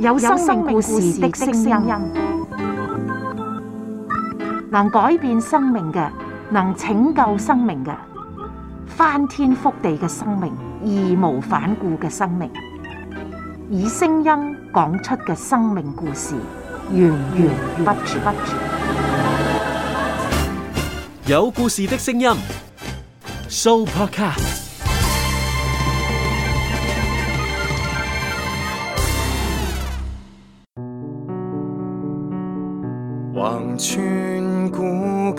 有生命故事的聲音，能改變生命嘅，能拯救生命嘅，翻天覆地嘅生命，義無反顧嘅生命，以聲音講出嘅生命故事，源源不絕。有故事的聲音，Supercar。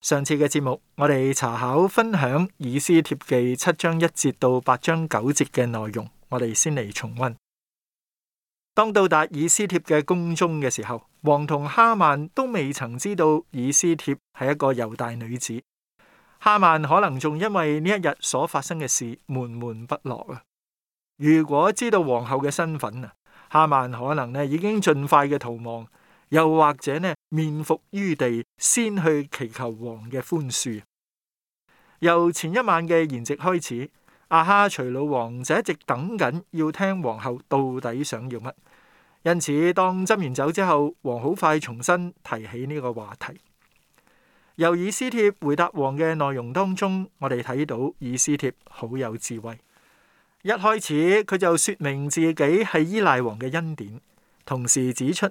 上次嘅節目，我哋查考分享以斯帖記七章一節到八章九節嘅內容，我哋先嚟重溫。當到達以斯帖嘅宮中嘅時候，王同哈曼都未曾知道以斯帖係一個猶大女子。哈曼可能仲因為呢一日所發生嘅事悶悶不樂啊。如果知道皇后嘅身份啊，哈曼可能呢已經盡快嘅逃亡，又或者呢。面伏於地，先去祈求王嘅寬恕。由前一晚嘅筵席開始，阿哈隨老王就一直等緊，要聽皇后到底想要乜。因此，當斟完酒之後，王好快重新提起呢個話題。由以斯帖回答王嘅內容當中，我哋睇到以斯帖好有智慧。一開始佢就說明自己係依賴王嘅恩典。同時指出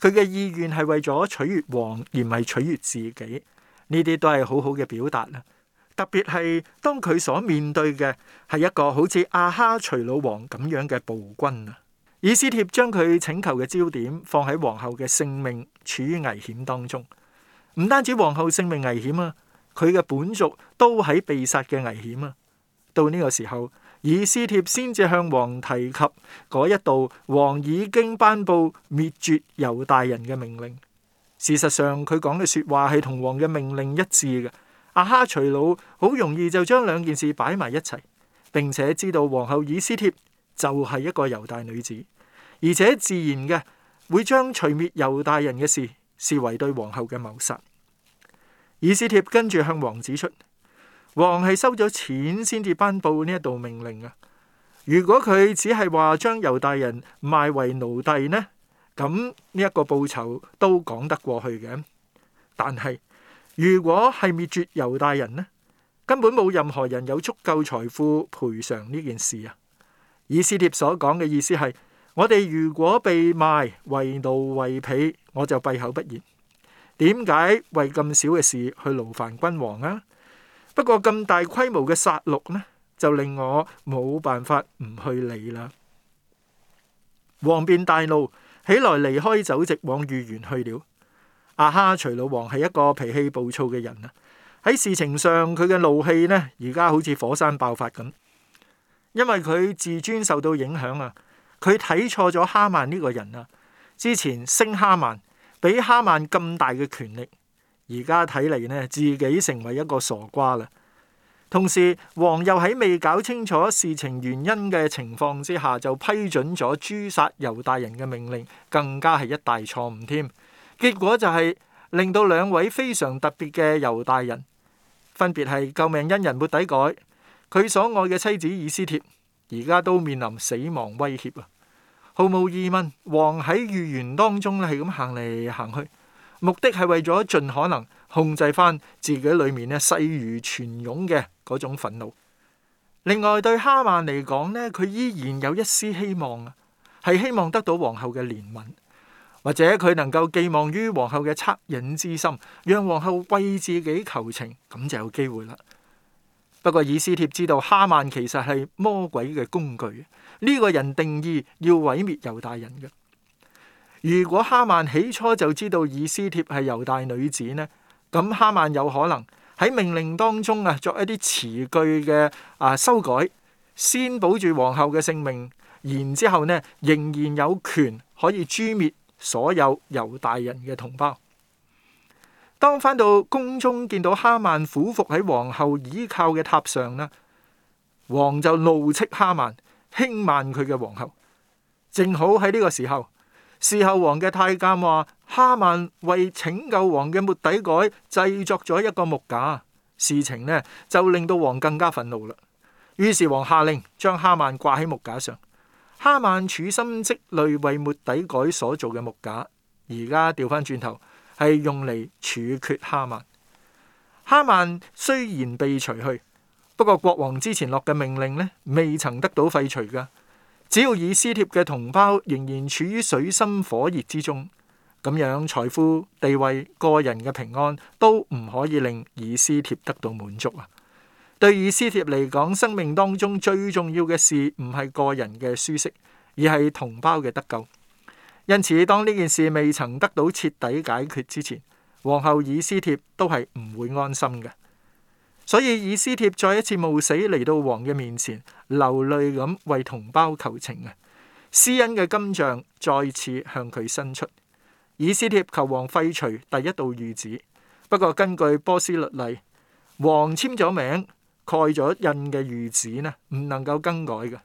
佢嘅意願係為咗取悅王而唔係取悅自己，呢啲都係好好嘅表達啦。特別係當佢所面對嘅係一個好似阿、啊、哈隨魯王咁樣嘅暴君啊，以斯帖將佢請求嘅焦點放喺皇后嘅性命處於危險當中，唔單止皇后性命危險啊，佢嘅本族都喺被殺嘅危險啊。到呢個時候。以斯帖先至向王提及嗰一度王已經頒布滅絕猶大人嘅命令。事實上，佢講嘅說話係同王嘅命令一致嘅。亞哈隨魯好容易就將兩件事擺埋一齊，並且知道皇后以斯帖就係一個猶大女子，而且自然嘅會將除滅猶大人嘅事視為對皇后嘅謀殺。以斯帖跟住向王指出。王係收咗錢先至頒布呢一道命令啊。如果佢只係話將猶大人賣為奴隸呢，咁呢一個報酬都講得過去嘅。但係如果係滅絕猶大人呢，根本冇任何人有足夠財富賠償呢件事啊。以斯帖所講嘅意思係，我哋如果被賣為奴為婢，我就閉口不言。點解為咁少嘅事去勞煩君王啊？不過咁大規模嘅殺戮呢，就令我冇辦法唔去理啦。王便大怒，起來離開酒席，往御園去了。阿、啊、哈，隨魯王係一個脾氣暴躁嘅人啊！喺事情上，佢嘅怒氣呢，而家好似火山爆發咁。因為佢自尊受到影響啊，佢睇錯咗哈曼呢個人啊。之前升哈曼，俾哈曼咁大嘅權力。而家睇嚟呢，自己成為一個傻瓜啦。同時，王又喺未搞清楚事情原因嘅情況之下，就批准咗誅殺猶大人嘅命令，更加係一大錯誤添。結果就係、是、令到兩位非常特別嘅猶大人，分別係救命恩人末底改、佢所愛嘅妻子以斯帖，而家都面臨死亡威脅啊！毫無疑問，王喺預言當中咧，係咁行嚟行去。目的係為咗盡可能控制翻自己裏面咧勢如泉湧嘅嗰種憤怒。另外對哈曼嚟講呢，佢依然有一絲希望啊，係希望得到皇后嘅憐憫，或者佢能夠寄望於皇后嘅惻隱之心，讓皇后為自己求情，咁就有機會啦。不過以斯帖知道哈曼其實係魔鬼嘅工具，呢個人定意要毀滅猶大人嘅。如果哈曼起初就知道以斯帖係猶大女子呢，咁哈曼有可能喺命令當中啊作一啲詞句嘅啊修改，先保住皇后嘅性命，然之後呢仍然有權可以誅滅所有猶大人嘅同胞。當翻到宮中見到哈曼俯伏喺皇后倚靠嘅榻上呢，王就怒斥哈曼輕慢佢嘅皇后。正好喺呢個時候。侍候王嘅太監話，哈曼為拯救王嘅末底改製作咗一個木架，事情呢就令到王更加憤怒啦。於是王下令將哈曼掛喺木架上。哈曼處心積慮為末底改所做嘅木架，而家調翻轉頭係用嚟處決哈曼。哈曼雖然被除去，不過國王之前落嘅命令呢，未曾得到廢除噶。只要以斯帖嘅同胞仍然處於水深火熱之中，咁樣，財富、地位、個人嘅平安都唔可以令以斯帖得到滿足啊！對以斯帖嚟講，生命當中最重要嘅事唔係個人嘅舒適，而係同胞嘅得救。因此，當呢件事未曾得到徹底解決之前，皇后以斯帖都係唔會安心嘅。所以以斯帖再一次冒死嚟到王嘅面前，流淚咁為同胞求情啊！施恩嘅金杖再次向佢伸出，以斯帖求王廢除第一道御旨。不過根據波斯律例，王簽咗名蓋咗印嘅御旨呢，唔能夠更改嘅。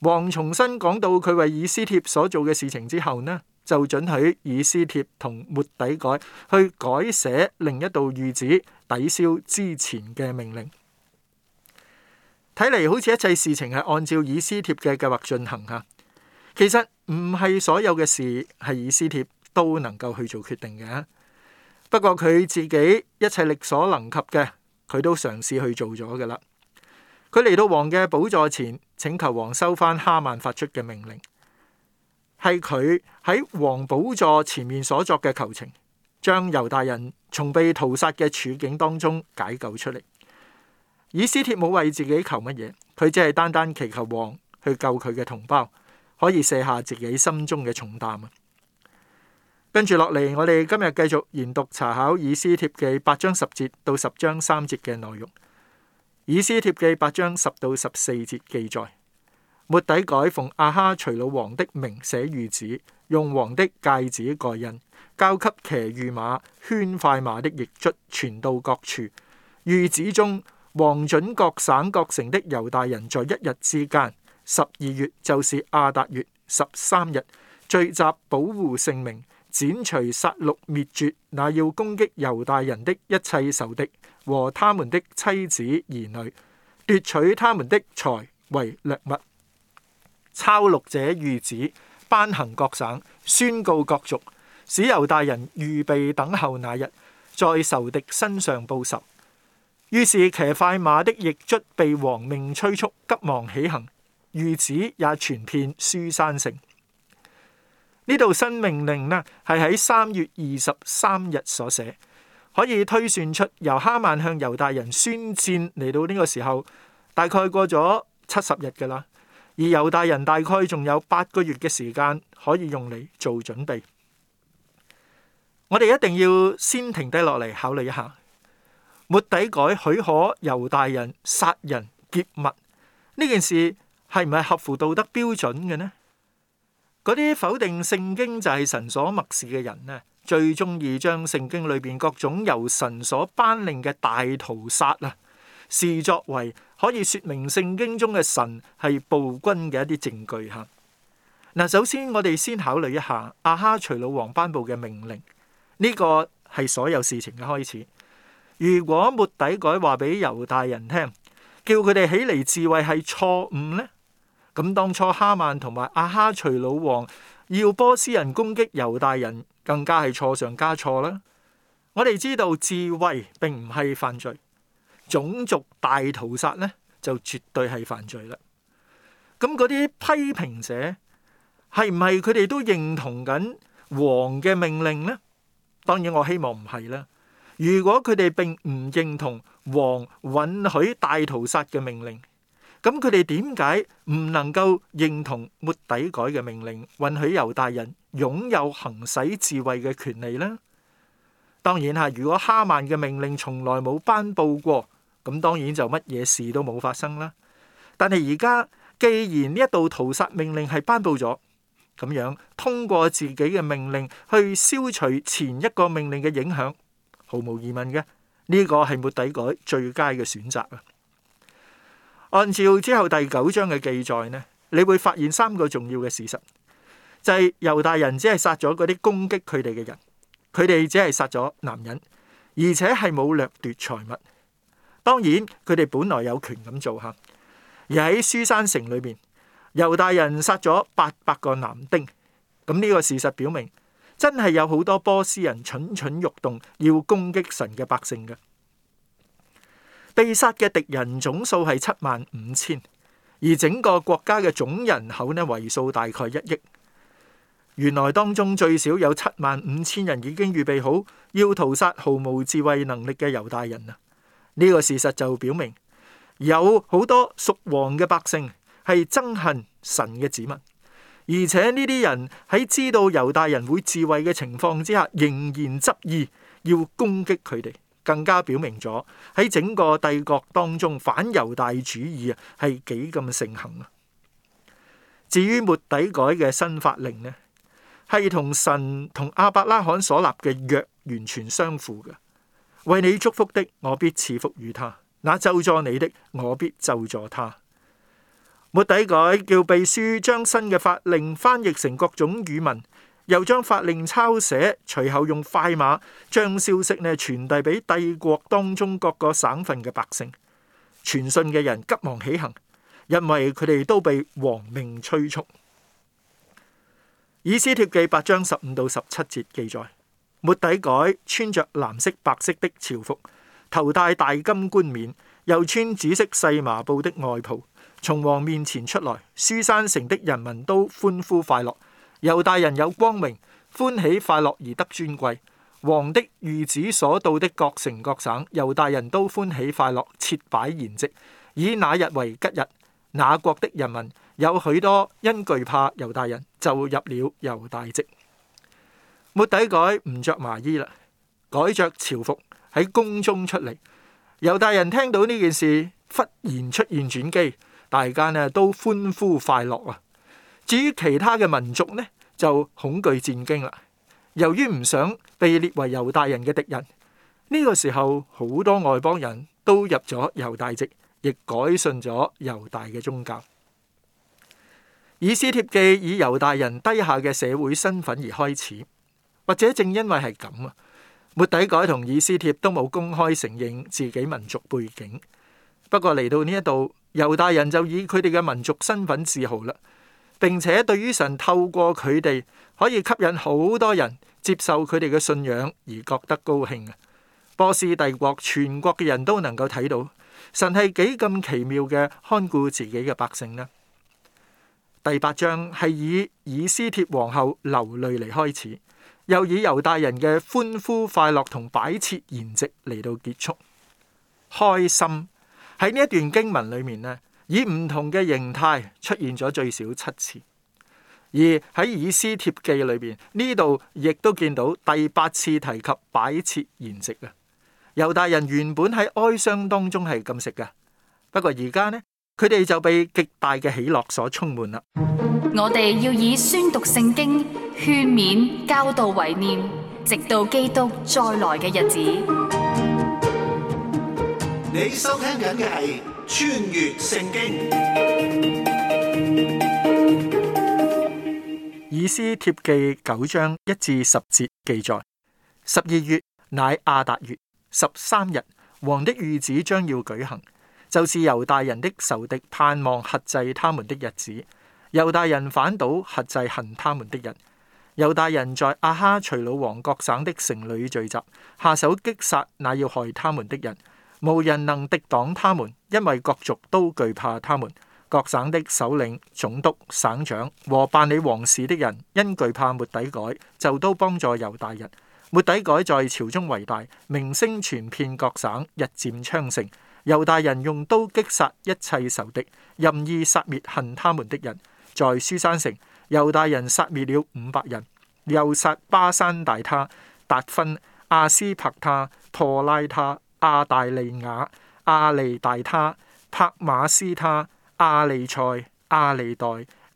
王重新講到佢為以斯帖所做嘅事情之後呢，就准許以斯帖同末底改去改寫另一道御旨。抵消之前嘅命令，睇嚟好似一切事情係按照以斯帖嘅計劃進行吓。其實唔係所有嘅事係以斯帖都能夠去做決定嘅。不過佢自己一切力所能及嘅，佢都嘗試去做咗噶啦。佢嚟到王嘅寶座前，請求王收翻哈曼發出嘅命令，係佢喺王寶座前面所作嘅求情，將猶大人。從被屠殺嘅處境當中解救出嚟。以斯帖冇為自己求乜嘢，佢只係單單祈求王去救佢嘅同胞，可以卸下自己心中嘅重擔啊！跟住落嚟，我哋今日繼續研讀查考以斯帖記八章十節到十章三節嘅內容。以斯帖記八章十到十四節記載。末底改奉亞哈隨魯王的名寫諭旨，用王的戒指蓋印，交給騎御馬、圈快馬的驛卒，傳到各處。諭旨中，王准各省各城的猶大人在一日之間，十二月，就是亞達月十三日，聚集保護性命，剪除殺戮滅絕那要攻擊猶大人的一切仇敵和他們的妻子兒女，奪取他們的財為掠物。抄錄者諭旨頒行各省，宣告各族，使猶大人預備等候那日，在仇敵身上報仇。於是騎快馬的驛卒被王命催促，急忙起行。諭旨也傳遍書珊城。呢度新命令呢係喺三月二十三日所寫，可以推算出由哈曼向猶大人宣戰嚟到呢個時候，大概過咗七十日噶啦。而猶大人大概仲有八個月嘅時間可以用嚟做準備，我哋一定要先停低落嚟考慮一下，末底改許可猶大人殺人劫物呢件事係唔係合乎道德標準嘅呢？嗰啲否定聖經就係神所默示嘅人呢，最中意將聖經裏邊各種由神所頒令嘅大屠殺啊，視作為可以説明聖經中嘅神係暴君嘅一啲證據哈。嗱，首先我哋先考慮一下亞哈隨魯王頒布嘅命令，呢、這個係所有事情嘅開始。如果末底改話俾猶大人聽，叫佢哋起嚟自衛係錯誤呢？咁當初哈曼同埋亞哈隨魯王要波斯人攻擊猶大人，更加係錯上加錯啦。我哋知道自衛並唔係犯罪。種族大屠殺呢，就絕對係犯罪啦。咁嗰啲批評者係唔係佢哋都認同緊王嘅命令呢？當然我希望唔係啦。如果佢哋並唔認同王允許大屠殺嘅命令，咁佢哋點解唔能夠認同末底改嘅命令，允許猶大人擁有行使自衞嘅權利呢？當然嚇，如果哈曼嘅命令從來冇頒布過。咁當然就乜嘢事都冇發生啦。但係而家既然呢一道屠殺命令係頒布咗，咁樣通過自己嘅命令去消除前一個命令嘅影響，毫無疑問嘅，呢、這個係沒底改最佳嘅選擇啊。按照之後第九章嘅記載呢，你會發現三個重要嘅事實，就係、是、猶大人只係殺咗嗰啲攻擊佢哋嘅人，佢哋只係殺咗男人，而且係冇掠奪財物。當然，佢哋本來有權咁做嚇。而喺書珊城裏面，猶大人殺咗八百個男丁。咁、這、呢個事實表明，真係有好多波斯人蠢蠢欲動，要攻擊神嘅百姓嘅。被殺嘅敵人總數係七萬五千，而整個國家嘅總人口呢為數大概一億。原來當中最少有七萬五千人已經預備好要屠殺毫無智慧能力嘅猶大人啊！呢個事實就表明，有好多屬王嘅百姓係憎恨神嘅子民，而且呢啲人喺知道猶大人會自衛嘅情況之下，仍然執意要攻擊佢哋，更加表明咗喺整個帝國當中反猶大主義啊係幾咁盛行啊！至於末底改嘅新法令呢，係同神同亞伯拉罕所立嘅約完全相符嘅。為你祝福的，我必賜福與他；那咒詛你的，我必咒詛他。末底改叫秘書將新嘅法令翻譯成各種語文，又將法令抄寫，隨後用快馬將消息呢傳遞俾帝國當中各個省份嘅百姓。傳信嘅人急忙起行，因為佢哋都被王命催促。以斯帖記八章十五到十七節記載。末底改，穿着藍色白色的朝服，頭戴大金冠冕，又穿紫色細麻布的外袍，從王面前出來。書珊城的人民都歡呼快樂。猶大人有光榮，歡喜快樂而得尊貴。王的諭旨所到的各城各省，猶大人都歡喜快樂，設擺筵席，以那日為吉日。那國的人民有許多因懼怕猶大人，就入了猶大籍。末底改唔着麻衣啦，改着朝服喺宮中出嚟。猶大人聽到呢件事，忽然出現轉機，大家呢都歡呼快樂啊！至於其他嘅民族呢，就恐懼戰驚啦。由於唔想被列為猶大人嘅敵人，呢、這個時候好多外邦人都入咗猶大籍，亦改信咗猶大嘅宗教。以斯帖記以猶大人低下嘅社會身份而開始。或者正因為係咁啊，末底改同以斯帖都冇公開承認自己民族背景。不過嚟到呢一度，猶大人就以佢哋嘅民族身份自豪啦，並且對於神透過佢哋可以吸引好多人接受佢哋嘅信仰而覺得高興啊！波斯帝國全國嘅人都能夠睇到，神係幾咁奇妙嘅看顧自己嘅百姓呢？第八章係以以斯帖皇后流淚嚟開始。又以猶大人嘅歡呼、快樂同擺設筵席嚟到結束，開心喺呢一段經文裏面呢，以唔同嘅形態出現咗最少七次，而喺以斯帖記裏邊呢度亦都見到第八次提及擺設筵席啊！猶大人原本喺哀傷當中係禁食嘅，不過而家呢？佢哋就被極大嘅喜樂所充滿啦。我哋要以宣讀聖經、勸勉、教導為念，直到基督再來嘅日子。你收聽緊嘅係《穿越聖經》，以斯帖記九章一至十節記載：十二月乃亞達月十三日，王的諭旨將要舉行。就是猶大人的仇敵盼望轄制他們的日子，猶大人反倒轄制恨他們的人。猶大人在亞哈隨魯王各省的城裏聚集，下手擊殺那要害他們的人，無人能敵擋他們，因為各族都懼怕他們。各省的首領、總督、省長和辦理王事的人因懼怕末底改，就都幫助猶大人。末底改在朝中為大，名聲傳遍各省，日漸昌盛。猶大人用刀擊殺一切仇敵，任意殺滅恨他們的人。在書珊城，猶大人殺滅了五百人，又殺巴山大他、達芬、阿斯帕他、托拉他、亞大利雅、亞利大他、帕馬斯他、亞利賽、亞利代、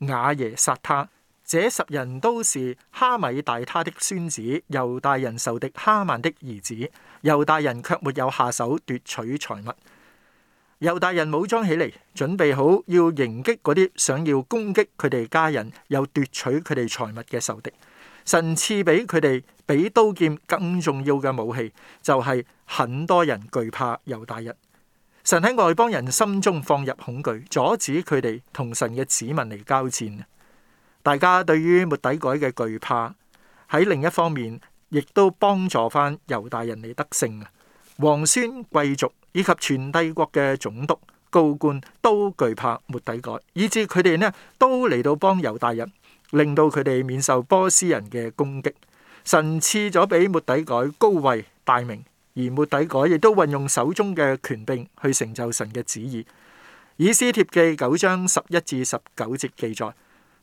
雅耶殺他。這十人都是哈米大他的孫子，猶大人仇敵哈曼的兒子。猶大人卻沒有下手奪取財物。猶大人武裝起嚟，準備好要迎擊嗰啲想要攻擊佢哋家人又奪取佢哋財物嘅仇敵。神賜俾佢哋比刀劍更重要嘅武器，就係、是、很多人懼怕猶大人。神喺外邦人心中放入恐懼，阻止佢哋同神嘅子民嚟交戰。大家對於末底改嘅懼怕，喺另一方面亦都幫助翻猶大人嚟得勝啊！皇孫貴族，以及全帝國嘅總督、高官都懼怕末底改，以致佢哋呢都嚟到幫猶大人，令到佢哋免受波斯人嘅攻擊。神賜咗俾末底改高位大名，而末底改亦都運用手中嘅權柄去成就神嘅旨意。以斯帖記九章十一至十九節記載，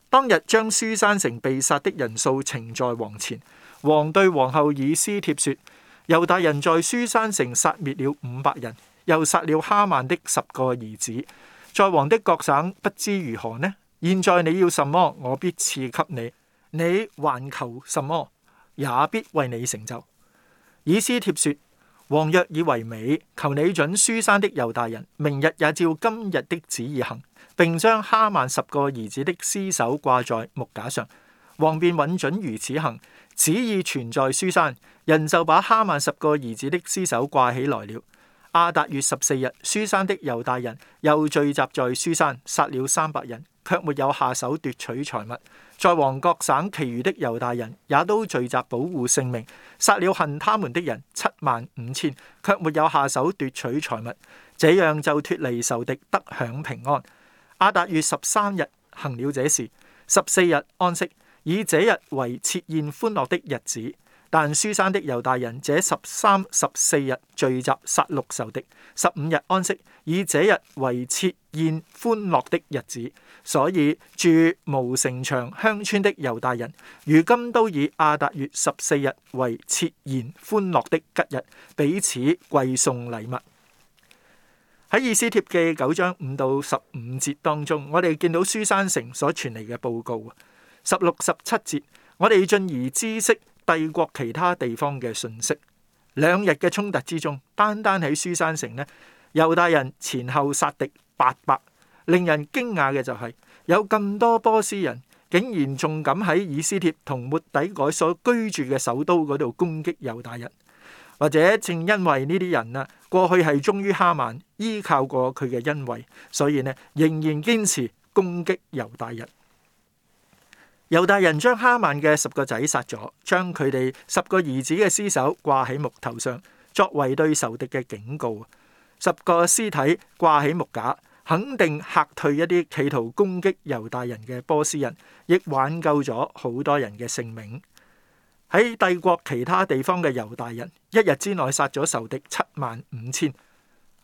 當日將書珊城被殺的人數呈在王前，王對皇后以斯帖說。猶大人在書山城殺滅了五百人，又殺了哈曼的十個兒子。在王的各省不知如何呢？現在你要什麼，我必賜給你；你還求什麼，也必為你成就。以斯帖說：王若以為美，求你准書山的猶大人明日也照今日的旨意行，並將哈曼十個兒子的屍首掛在木架上。王便允准如此行。旨意存在書山，人就把哈曼十個兒子的屍首掛起來了。亞達月十四日，書山的猶大人又聚集在書山，殺了三百人，卻沒有下手奪取財物。在王國省其餘的猶大人也都聚集保護性命，殺了恨他們的人七萬五千，卻沒有下手奪取財物。這樣就脫離仇敵，得享平安。亞達月十三日行了這事，十四日安息。以這日為設宴歡樂的日子，但書山的猶大人這十三、十四日聚集殺戮仇敵，十五日安息，以這日為設宴歡樂的日子。所以住無城牆鄉村的猶大人，如今都以亞達月十四日為設宴歡樂的吉日，彼此貴送禮物。喺《以斯帖記》九章五到十五節當中，我哋見到書山城所傳嚟嘅報告。十六十七節，我哋進而知悉帝國其他地方嘅信息。兩日嘅衝突之中，單單喺書山城呢，猶大人前後殺敵八百。令人驚訝嘅就係、是，有咁多波斯人竟然仲敢喺以斯帖同末底改所居住嘅首都嗰度攻擊猶大人。或者正因為呢啲人啊，過去係忠於哈曼，依靠過佢嘅恩惠，所以呢，仍然堅持攻擊猶大人。猶大人將哈曼嘅十個仔殺咗，將佢哋十個兒子嘅屍首掛喺木頭上，作為對仇敵嘅警告。十個屍體掛起木架，肯定嚇退一啲企圖攻擊猶大人嘅波斯人，亦挽救咗好多人嘅性命。喺帝國其他地方嘅猶大人，一日之內殺咗仇敵七萬五千。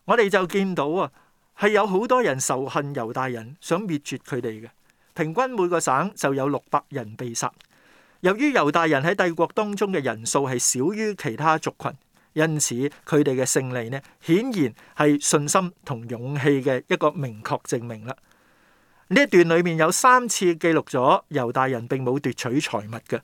我哋就見到啊，係有好多人仇恨猶大人，想滅絕佢哋嘅。平均每個省就有六百人被殺。由於猶大人喺帝國當中嘅人數係少於其他族群，因此佢哋嘅勝利呢，顯然係信心同勇氣嘅一個明確證明啦。呢一段裏面有三次記錄咗猶大人並冇奪取財物嘅。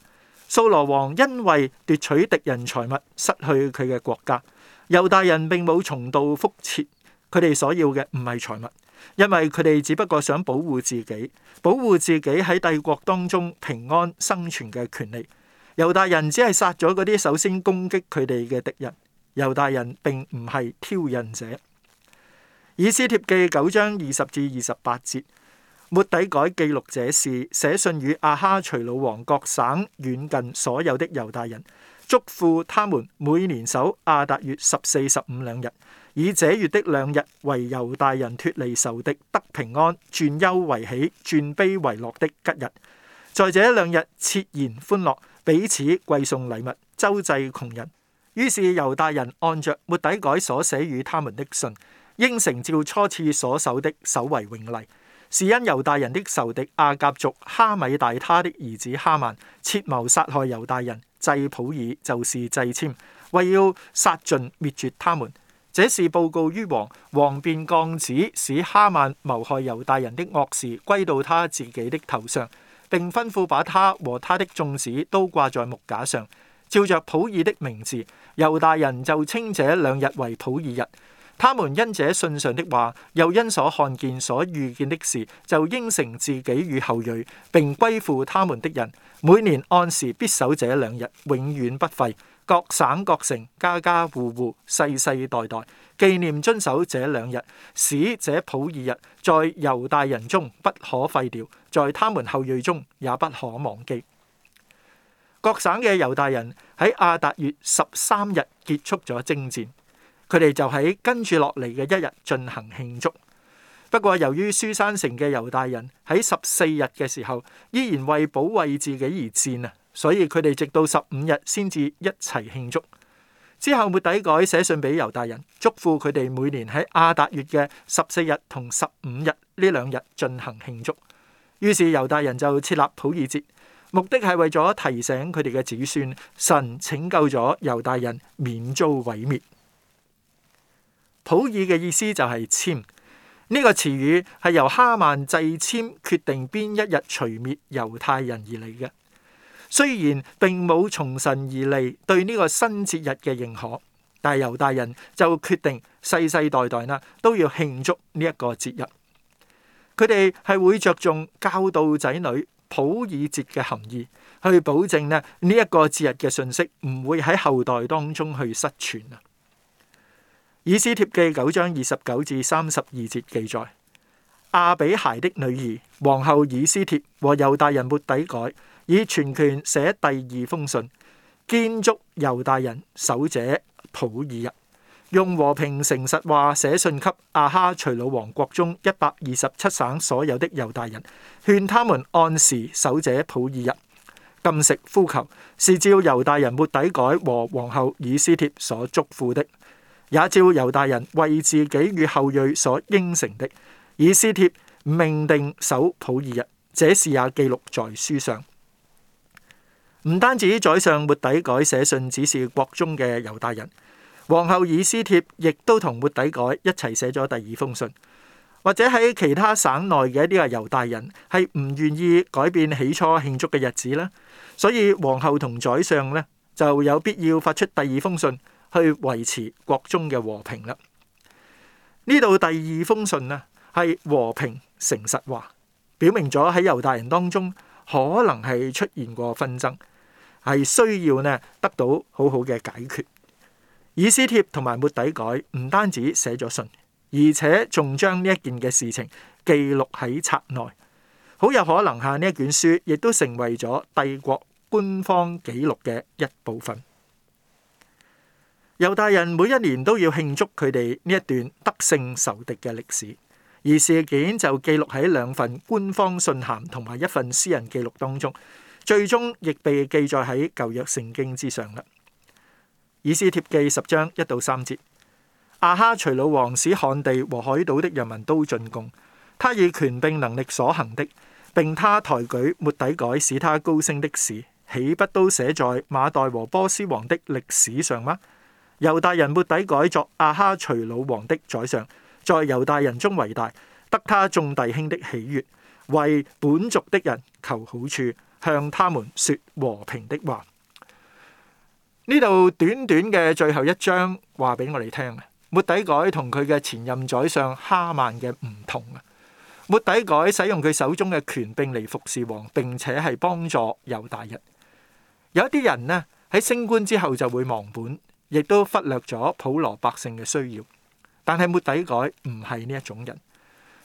掃羅王因為奪取敵人財物，失去佢嘅國家，猶大人並冇重蹈覆轍。佢哋所要嘅唔係財物。因為佢哋只不過想保護自己，保護自己喺帝國當中平安生存嘅權利。猶大人只係殺咗嗰啲首先攻擊佢哋嘅敵人。猶大人並唔係挑釁者。以斯帖記九章二十至二十八節，末底改記錄這事，寫信與亞哈隨魯王各省遠近所有的猶大人，祝福他們每年守亞達月十四十五兩日。以這月的兩日為猶大人脱離仇敵得平安，轉憂為喜，轉悲為樂的吉日，在這兩日設筵歡樂，彼此饋送禮物，周濟窮人。於是猶大人按着末底改所寫與他們的信，應承照初次所守的守為永例。是因猶大人的仇敵亞甲族哈米大他的兒子哈曼，設謀殺害猶大人掣普珥，就是掣籤，為要殺盡滅絕他們。這事報告於王，王便降旨使哈曼謀害猶大人的惡事歸到他自己的頭上，並吩咐把他和他的眾子都掛在木架上，照着普爾的名字，猶大人就稱這兩日為普爾日。他們因這信上的話，又因所看見所遇見的事，就應承自己與後裔，並歸附他們的人，每年按時必守這兩日，永遠不廢。各省，各城，家家戶戶，世世代代紀念遵守這兩日，使這普珥日在猶大人中不可廢掉，在他們後裔中也不可忘記。各省嘅猶大人喺亞達月十三日結束咗征戰，佢哋就喺跟住落嚟嘅一日進行慶祝。不過由於舒山城嘅猶大人喺十四日嘅時候依然為保衛自己而戰啊！所以佢哋直到十五日先至一齊慶祝。之後末底改寫信俾猶大人，囑咐佢哋每年喺亞達月嘅十四日同十五日呢兩日進行慶祝。於是猶大人就設立普爾節，目的係為咗提醒佢哋嘅子孫神拯救咗猶大人免遭毀滅。普爾嘅意思就係簽呢、這個詞語係由哈曼掣籤決定邊一日除滅猶太人而嚟嘅。雖然並冇從神而嚟對呢個新節日嘅認可，但猶大人就決定世世代代啦都要慶祝呢一個節日。佢哋係會着重教導仔女普爾節嘅含義，去保證咧呢一個節日嘅信息唔會喺後代當中去失傳啊。以斯帖記九章二十九至三十二節記載：亞比孩的女兒王后以斯帖和猶大人末底改。以全權寫第二封信，堅囑猶大人守者普爾日，用和平誠實話寫信給亞哈隨魯王國中一百二十七省所有的猶大人，勸他們按時守者普爾日，禁食呼求，是照猶大人末底改和皇后以斯帖所囑咐的，也照猶大人為自己與後裔所應承的，以斯帖命定守普爾日，這事也記錄在書上。唔單止宰相末底改寫信，只是國中嘅猶大人，皇后以斯帖亦都同末底改一齊寫咗第二封信，或者喺其他省內嘅一啲嘅猶大人係唔願意改變起初慶祝嘅日子啦，所以皇后同宰相咧就有必要發出第二封信去維持國中嘅和平啦。呢度第二封信啊，係和平誠實話，表明咗喺猶大人當中可能係出現過紛爭。係需要呢得到好好嘅解決。以斯帖同埋末底改唔單止寫咗信，而且仲將呢一件嘅事情記錄喺冊內。好有可能下呢一卷書亦都成為咗帝國官方記錄嘅一部分。猶大人每一年都要慶祝佢哋呢一段得勝仇敵嘅歷史，而事件就記錄喺兩份官方信函同埋一份私人記錄當中。最終亦被記載喺舊約聖經之上啦，《以斯帖記》十章一到三節。亞哈隨魯王使漢地和海島的人民都進貢，他以權柄能力所行的，並他抬舉末底改使他高升的事，豈不都寫在馬代和波斯王的歷史上嗎？猶大人末底改作亞哈隨魯王的宰相，在猶大人中為大，得他眾弟兄的喜悅，為本族的人求好處。向他們說和平的話。呢度短短嘅最後一章話俾我哋聽啊，末底改同佢嘅前任宰相哈曼嘅唔同啊。末底改使用佢手中嘅權柄嚟服侍王，並且係幫助猶大人。有一啲人呢，喺升官之後就會忘本，亦都忽略咗普羅百姓嘅需要。但係末底改唔係呢一種人，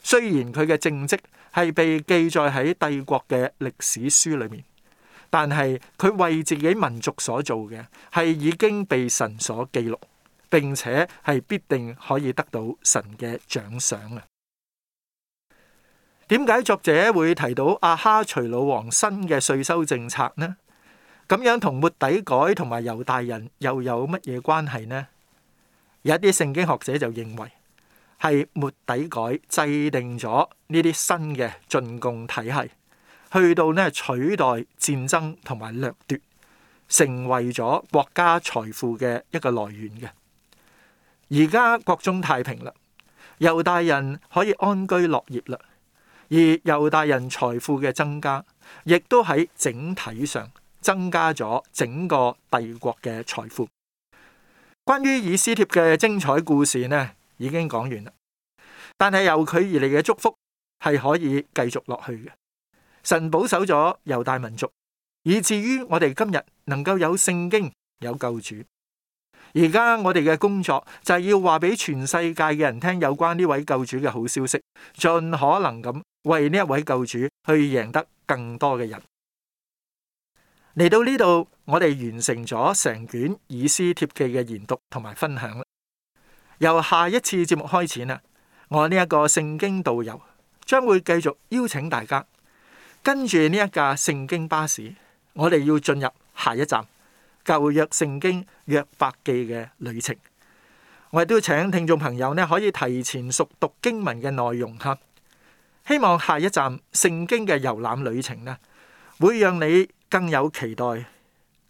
雖然佢嘅政績係被記載喺帝國嘅歷史書裏面，但係佢為自己民族所做嘅，係已經被神所記錄，並且係必定可以得到神嘅獎賞啊！點解作者會提到亞哈隨魯王新嘅稅收政策呢？咁樣同末底改同埋猶大人又有乜嘢關係呢？有一啲聖經學者就認為，係末底改制定咗呢啲新嘅進貢體系，去到咧取代戰爭同埋掠奪，成為咗國家財富嘅一個來源嘅。而家國中太平啦，猶大人可以安居樂業啦，而猶大人財富嘅增加，亦都喺整體上增加咗整個帝國嘅財富。關於以斯帖嘅精彩故事呢，已經講完啦，但係由佢而嚟嘅祝福係可以繼續落去嘅。神保守咗猶大民族，以至於我哋今日能夠有聖經有救主。而家我哋嘅工作就係要話俾全世界嘅人聽有關呢位救主嘅好消息，盡可能咁為呢一位救主去贏得更多嘅人。嚟到呢度，我哋完成咗成卷以斯帖記嘅研讀同埋分享啦。由下一次節目開始啦，我呢一個聖經導遊將會繼續邀請大家跟住呢一架聖經巴士，我哋要進入下一站舊約聖經約伯記嘅旅程。我亦都請聽眾朋友呢，可以提前熟讀經文嘅內容哈，希望下一站聖經嘅遊覽旅程呢，會讓你更有期待，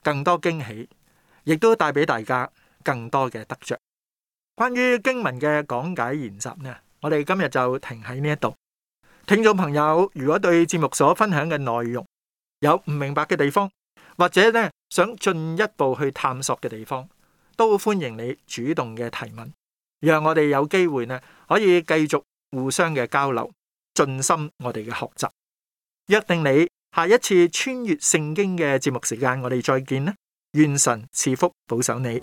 更多驚喜，亦都帶俾大家更多嘅得着。關於經文嘅講解研習呢，我哋今日就停喺呢一度。聽眾朋友，如果對節目所分享嘅內容有唔明白嘅地方，或者呢想進一步去探索嘅地方，都歡迎你主動嘅提問，讓我哋有機會呢可以繼續互相嘅交流，進深我哋嘅學習。約定你下一次穿越聖經嘅節目時間，我哋再見啦！願神賜福保守你。